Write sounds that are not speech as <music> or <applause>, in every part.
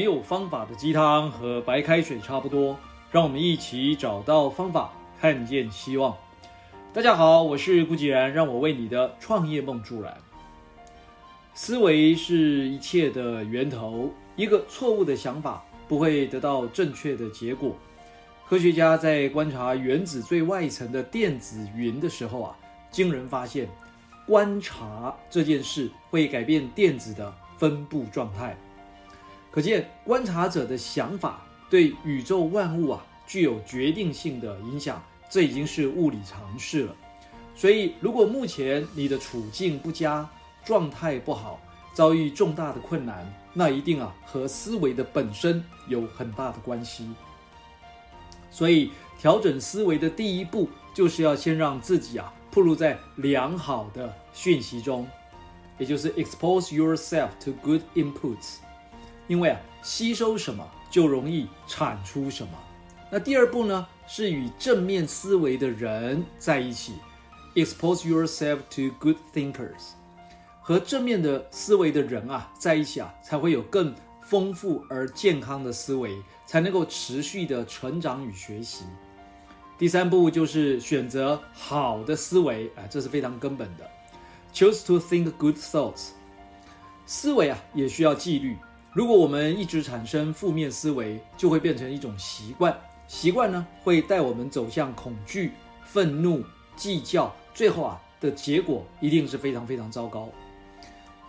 沒有方法的雞湯和白開水差不多，讓我們一起找到方法，看見希望。大家好，我是顧竟然，讓我為你的創業夢助燃。思維是一切的源頭，一個錯誤的想法不會得到正確的結果。科學家在觀察原子最外層的電子雲的時候啊，驚人發現，觀察這件事會改變電子的分布狀態。可見，觀察者的想法對宇宙萬物啊具有決定性的影響，這已經是物理常識了。所以，如果目前你的處境不佳、狀態不好、遭遇重大的困難，那一定啊和思維的本身有很大的關係。所以，調整思維的第一步就是要先讓自己啊暴露在良好的訊息中，也就是 expose yourself to good inputs。因為啊，吸收什麼就容易產出什麼。那第二步呢，是與正面思維的人在一起，Expose yourself to good thinkers，和正面的思維的人啊在一起啊，才會有更豐富而健康的思維，才能夠持續的成長與學習。第三步就是選擇好的思維啊，這是非常根本的，Choose to think good thoughts。思維啊也需要紀律。如果我們一直產生負面思維，就會變成一種習慣。習慣呢，會帶我們走向恐懼、憤怒、計較，最後啊的結果一定是非常非常糟糕。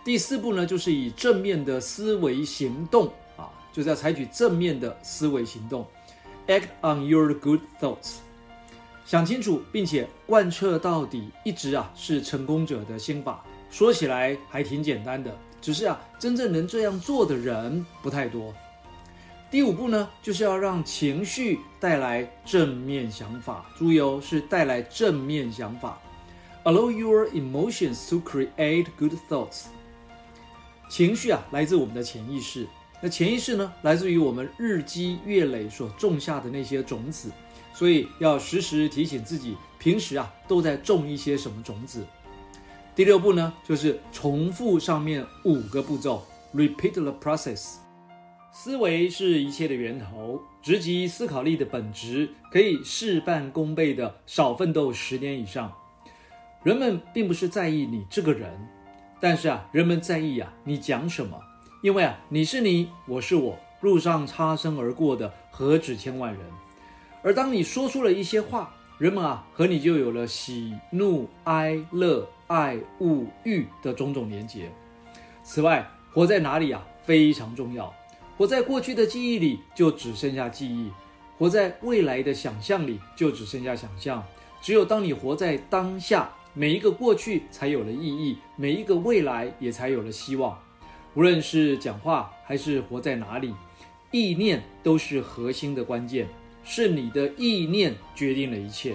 第四步呢，就是以正面的思維行動啊，就是要採取正面的思維行動，Act on your good thoughts。想清楚並且貫徹到底，一直啊是成功者的心法。說起來還挺簡單的。只是啊，真正能這樣做的人不太多。第五步呢，就是要讓情緒帶來正面想法，注意哦，是帶來正面想法。Allow your emotions to create good thoughts。情緒啊，來自我們的潛意識。那潛意識呢，來自於我們日積月累所種下的那些種子。所以要時時提醒自己，平時啊，都在種一些什麼種子。第六步呢，就是重複上面五個步驟，repeat the process。思維是一切的源頭，直擊思考力的本質，可以事半功倍的少奮鬥十年以上。人們並不是在意你這個人，但是啊，人們在意啊，你講什麼，因為啊，你是你，我是我，路上擦身而過的何止千萬人，而當你說出了一些話，人們啊和你就有了喜怒哀樂。愛、物、欲的種種連結。此外，活在哪裡啊，非常重要。活在過去的記憶裡，就只剩下記憶；活在未來的想象裡，就只剩下想象。只有當你活在當下，每一個過去才有了意義，每一個未來也才有了希望。無論是講話還是活在哪裡，意念都是核心的關鍵，是你的意念決定了一切。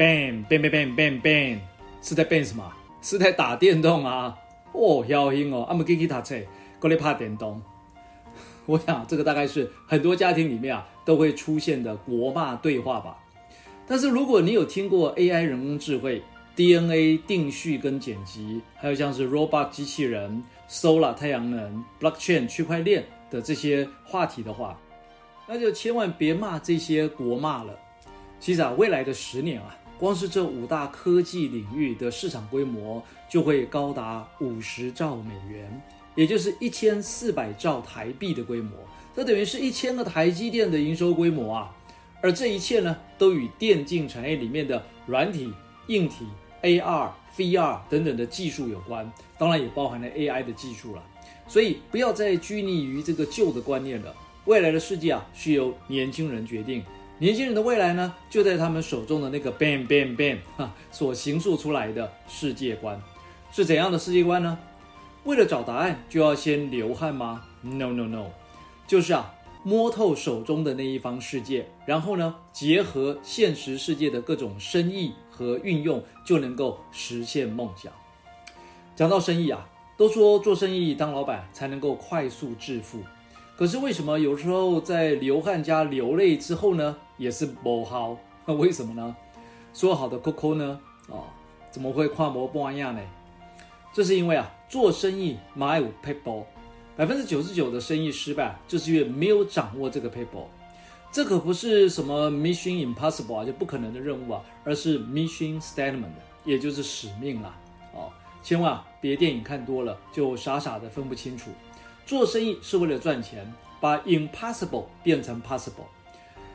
bang bang bang bang bang 是在 bang 什麼？是在打電動啊？哦，小心哦！阿 e 吉吉他吹，過來拍電動。 <laughs> 我想這個大概是很多家庭裡面啊都會出現的國罵對話吧。但是如果你有聽過 AI 人工智慧、DNA 定序跟剪輯，還有像是 robot 機器人、solar 太陽能、blockchain 區塊鏈的這些話題的話，那就千萬別罵這些國罵了。其實啊，未來的十年啊。光是這五大科技領域的市場規模就會高達五十兆美元，也就是一千四百兆台幣的規模，這等於是一千個台積電的營收規模啊！而這一切呢，都與電競產業裡面的軟體、硬體、AR、VR 等等的技術有關，當然也包含了 AI 的技術了。所以不要再拘泥於這個舊的觀念了，未來的世界啊，需由年輕人決定。年輕人的未來呢，就在他們手中的那個 BAM BAM BAM 哈所形塑出來的世界觀，是怎樣的世界觀呢？為了找答案，就要先流汗嗎？No No No，就是啊，摸透手中的那一方世界，然後呢，結合現實世界的各種生意和運用，就能夠實現夢想。講到生意啊，都說做生意當老板才能夠快速致富，可是為什麼有時候在流汗加流淚之後呢？也是不好，那為什麼呢？說好的 Coco 呢？啊、哦，怎麼會跨模不一樣呢？這是因為啊，做生意沒有 people，百分之九十九的生意失敗，就是因為沒有掌握這個 people。這可不是什麼 Mission Impossible 啊，就不可能的任務啊，而是 Mission Statement，也就是使命啊。哦，千萬別電影看多了，就傻傻的分不清楚。做生意是為了賺錢，把 Impossible 變成 Possible。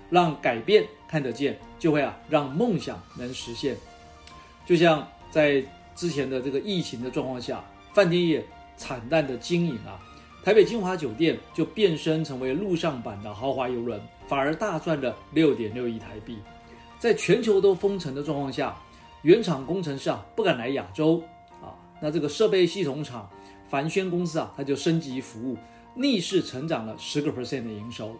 讓改變看得見，就會啊，讓夢想能實現。就像在之前的這個疫情的狀況下，飯店業慘淡的經營啊，台北晶華酒店就變身成為陸上版的豪華郵輪，反而大賺了六點六億台幣。在全球都封城的狀況下，原廠工程師啊不敢來亞洲啊，那這個設備系統廠帆宣公司啊，它就升級服務，逆勢成長了十個 percent 的營收。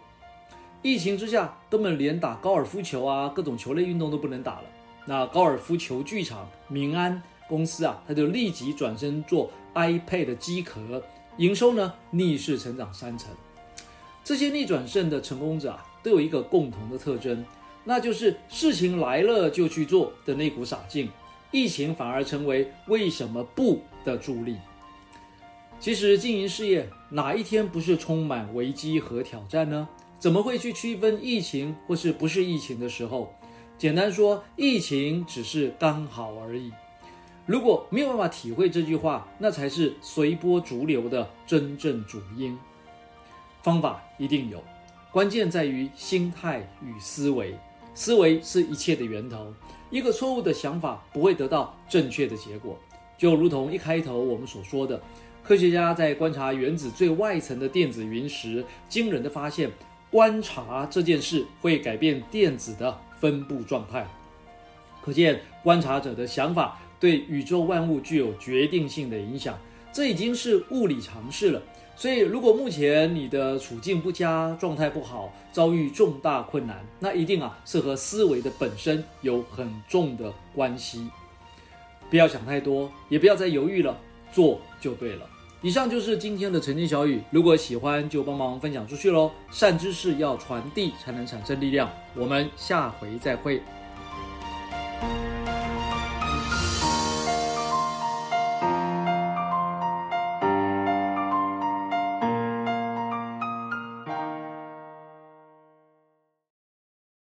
疫情之下，根本連打高爾夫球啊，各種球類運動都不能打了。那高爾夫球劇場明安公司啊，他就立即轉身做 iPad 的機殼，營收呢逆勢成長三成。這些逆轉勝的成功者啊，都有一個共同的特徵，那就是事情來了就去做的那股傻勁。疫情反而成為為什麼不的助力。其實經營事業哪一天不是充滿危機和挑戰呢？怎麼會去區分疫情或是不是疫情的時候？簡單說，疫情只是剛好而已。如果沒有辦法體會這句話，那才是隨波逐流的真正主因。方法一定有，關鍵在於心態與思維。思維是一切的源頭，一個錯誤的想法不會得到正確的結果。就如同一開頭我們所說的，科學家在觀察原子最外層的電子雲時，驚人的發現。觀察這件事會改變電子的分布狀態，可見觀察者的想法對宇宙萬物具有決定性的影響。這已經是物理常識了。所以，如果目前你的處境不佳、狀態不好、遭遇重大困難，那一定啊是和思維的本身有很重的關係。不要想太多，也不要再猶豫了，做就對了。以上就是今天的晨間小語，如果喜歡就幫忙分享出去嘍！善知識要傳遞，才能產生力量。我們下回再會。